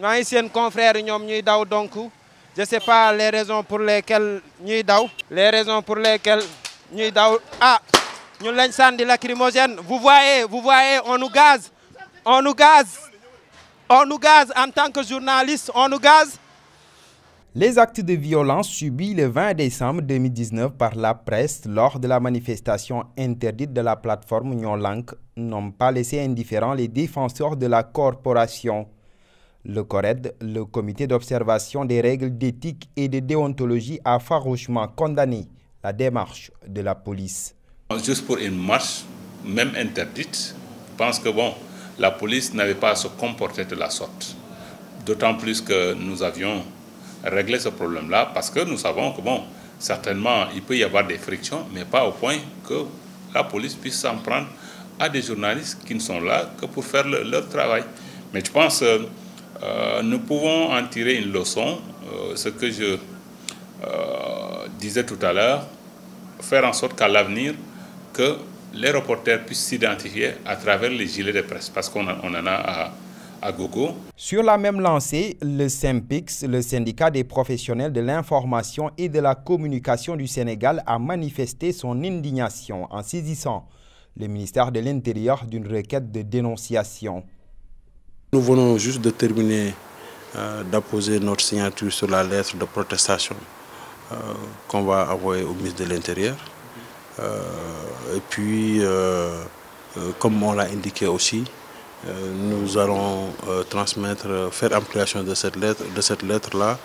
Nous ne confrères sais pas les raisons pour lesquelles nous les raisons pour lesquelles nous... daw ah nous sommes lacrymogène vous voyez vous voyez on nous gaz, on nous gaz, on nous gaz en tant que journaliste on nous gaz. Les actes de violence subis le 20 décembre 2019 par la presse lors de la manifestation interdite de la plateforme Union Lank n'ont pas laissé indifférents les défenseurs de la corporation. Le CORED, le comité d'observation des règles d'éthique et de déontologie, a farouchement condamné la démarche de la police. Juste pour une marche, même interdite, je pense que bon, la police n'avait pas à se comporter de la sorte. D'autant plus que nous avions régler ce problème-là parce que nous savons que, bon, certainement, il peut y avoir des frictions, mais pas au point que la police puisse s'en prendre à des journalistes qui ne sont là que pour faire leur travail. Mais je pense euh, euh, nous pouvons en tirer une leçon, euh, ce que je disais tout à l'heure, faire en sorte qu'à l'avenir, que les reporters puissent s'identifier à travers les gilets de presse, parce qu'on en a à sur la même lancée, le Sempix, le syndicat des professionnels de l'information et de la communication du Sénégal, a manifesté son indignation en saisissant le ministère de l'Intérieur d'une requête de dénonciation. Nous venons juste de terminer euh, d'apposer notre signature sur la lettre de protestation euh, qu'on va envoyer au ministre de l'Intérieur. Euh, et puis, comme on l'a indiqué aussi, euh, nous allons euh, transmettre, euh, faire ampliation de cette lettre, de cette lettre-là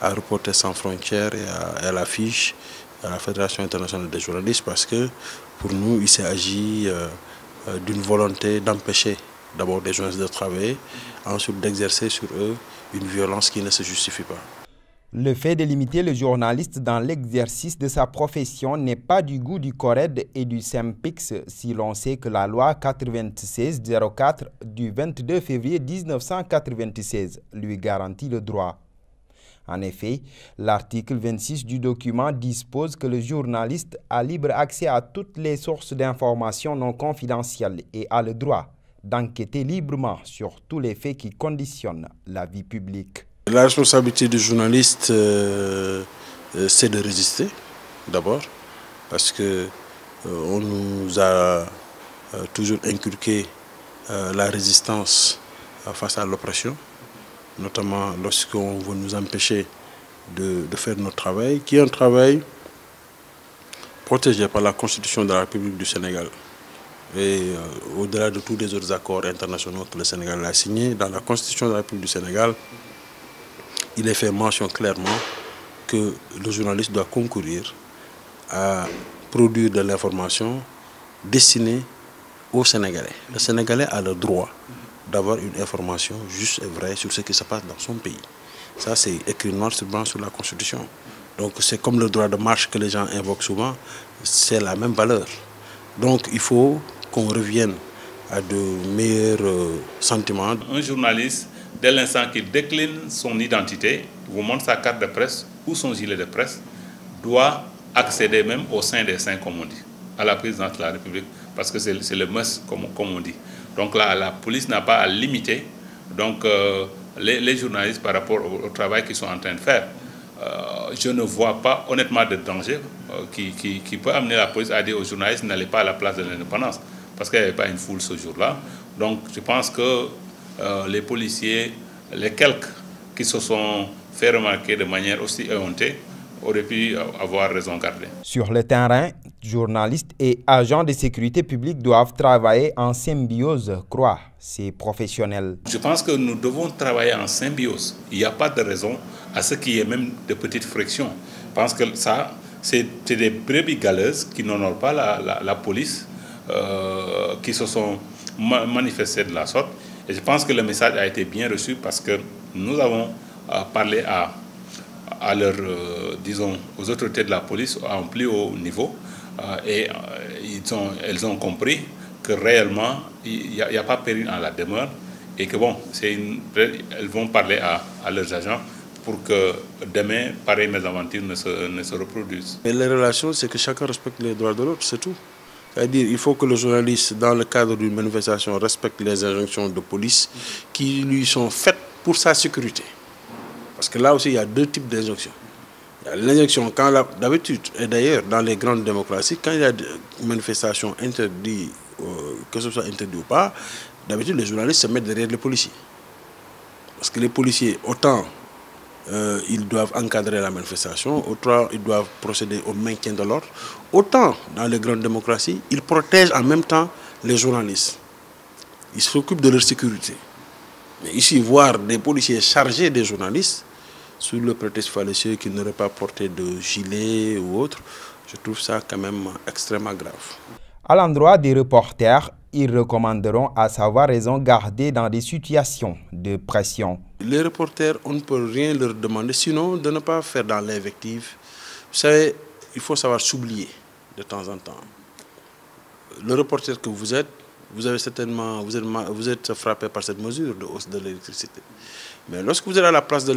à Reporter sans frontières et à, à l'affiche, à la Fédération internationale des journalistes, parce que pour nous, il s'agit d'une volonté d'empêcher d'abord des journalistes de travailler, ensuite d'exercer sur eux une violence qui ne se justifie pas. Le fait de limiter le journaliste dans l'exercice de sa profession n'est pas du goût du CORED et du SEMPIX si l'on sait que la loi 96 du 22 février 1996 lui garantit le droit. En effet, l'article 26 du document dispose que le journaliste a libre accès à toutes les sources d'informations non confidentielles et a le droit d'enquêter librement sur tous les faits qui conditionnent la vie publique. La responsabilité du journaliste, euh, euh, c'est de résister, d'abord, parce qu'on euh, nous a toujours inculqué la résistance face à l'oppression, notamment lorsqu'on veut nous empêcher de, de, faire notre travail, qui est un travail protégé par la Constitution de la République du Sénégal et au-delà de tous les autres accords internationaux que le Sénégal a signés, dans la Constitution de la République du Sénégal, il est fait mention clairement que le journaliste doit concourir à produire de l'information destinée aux Sénégalais. Le Sénégalais a le droit d'avoir une information juste et vraie sur ce qui se passe dans son pays. Ça, c'est écrit noir sur blanc sur la Constitution. Donc, c'est comme le droit de marche que les gens invoquent souvent, c'est la même valeur. Donc, il faut qu'on revienne à de meilleurs euh, sentiments. Un journaliste dès l'instant qu'il décline son identité, vous montre sa carte de presse ou son gilet de presse, doit accéder même au sein des saints, comme on dit, à la présidence de la République, parce que c'est le must, comme, comme, on dit. Donc là, la police n'a pas à limiter donc, euh, les, journalistes par rapport au, travail qu'ils sont en train de faire. Euh, je ne vois pas honnêtement de danger euh, qui, qui, qui, peut amener la police à dire aux journalistes n'allez pas à la place de l'indépendance, parce qu'il n'y avait pas une foule ce jour-là. Donc je pense que euh, les policiers, les quelques qui se sont fait remarquer de manière aussi éhontée, auraient pu avoir raison gardée. Sur le terrain, journalistes et agents de sécurité publique doivent travailler en symbiose, croient ces professionnels. Je pense que nous devons travailler en symbiose. Il n'y a pas de raison à ce qu'il y ait même de petites frictions. Je pense que ça, c'est des brebis galeuses qui n'honorent pas la, police, euh, qui se sont manifestées de la sorte. Et je pense que le message a été bien reçu parce que nous avons euh, parlé à, à leur, euh, disons, aux autorités de la police à un plus haut niveau euh, et ils ont, elles ont compris que réellement, il n'y a, pas péril en la demeure et que bon, une, elles vont parler à, leurs agents pour que demain, pareil, aventures ne se, ne se reproduisent. Mais les relations, c'est que chacun respecte les droits de l'autre, c'est tout. C'est-à-dire il faut que le journaliste, dans le cadre d'une manifestation, respecte les injonctions de police qui lui sont faites pour sa sécurité. Parce que là aussi, il y a deux types d'injonctions. L'injonction, quand d'habitude, et d'ailleurs dans les grandes démocraties, quand il y a une manifestations interdite, euh, que ce soit interdit ou pas, d'habitude les journalistes se mettent derrière les policiers. Parce que les policiers, autant euh, ils doivent encadrer la manifestation, autant ils doivent procéder au maintien de l'ordre. Autant dans les grandes démocraties, ils protègent en même temps les journalistes. Ils s'occupent de leur sécurité. Mais ici, voir des policiers chargés des journalistes, sous le prétexte fallacieux qu'ils n'auraient pas porté de gilet ou autre, je trouve ça quand même extrêmement grave. À l'endroit des reporters, ils recommanderont à savoir raison garder dans des situations de pression. Les reporters, on ne peut rien leur demander, sinon de ne pas faire dans l'invective. Vous savez, il faut savoir s'oublier de temps en temps. Le reporter que vous êtes, vous avez certainement, vous êtes, vous êtes frappé par cette mesure de hausse de l'électricité. Mais lorsque vous êtes à la place de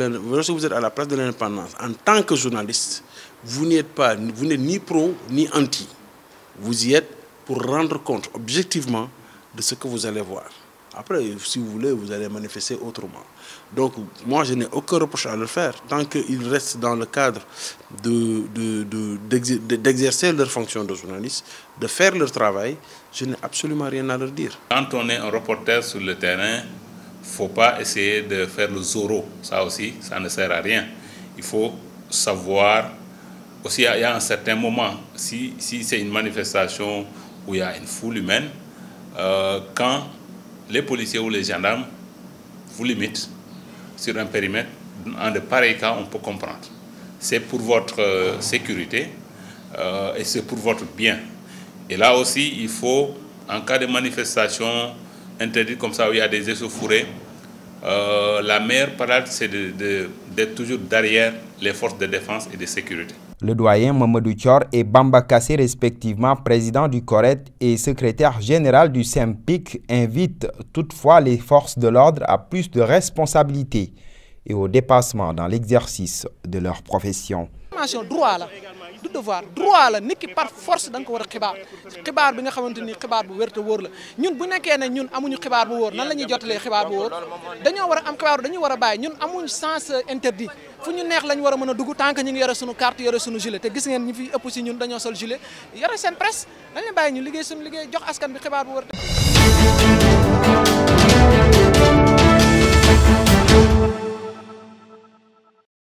l'indépendance, en tant que journaliste, vous n'êtes pas, vous n'êtes ni pro ni anti. Vous y êtes pour rendre compte objectivement de ce que vous allez voir. Après, si vous voulez, vous allez manifester autrement. Donc, moi, je n'ai aucun reproche à le faire tant qu'ils restent dans le cadre d'exercer de, leur fonction de journaliste, de faire leur travail. Je n'ai absolument rien à leur dire. Quand on est un reporter sur le terrain, il ne faut pas essayer de faire le zoro. Ça aussi, ça ne sert à rien. Il faut savoir aussi, il y a un certain moment, si, si c'est une manifestation où il y a une foule humaine, euh, quand les policiers ou les gendarmes vous limitent sur un périmètre, en de pareils cas, on peut comprendre. C'est pour votre euh, sécurité euh, et c'est pour votre bien. Et là aussi, il faut, en cas de manifestation interdite comme ça, où il y a des échauffourées, la meilleure parade, c'est d'être toujours derrière les forces de défense et de sécurité. Le doyen Mamadou et Bamba Kassé, respectivement président du CORET et secrétaire général du SEMPIC, invitent toutefois les forces de l'ordre à plus de responsabilités et au dépassement dans l'exercice de leur profession. information droit la du par force da ko war a xibaar xibaar bi nga xamante xibaar bu wér te wóor la ñun bu nekkee ne ñun amuñu xibaar bu wóor nan la ñuy xibaar bu wóor dañoo war a am xibaar dañuy war a bàyyi ñun amuñu sens interdit fu ñu neex lañ war a mën a dugg tànk ñu ngi yore suñu carte yore suñu gilet te gis ngeen ñi fi ëpp si ñun dañoo sol gilet yore seen presse dañ leen bàyyi ñu liggéey suñu jox askan bi xibaar bu wóor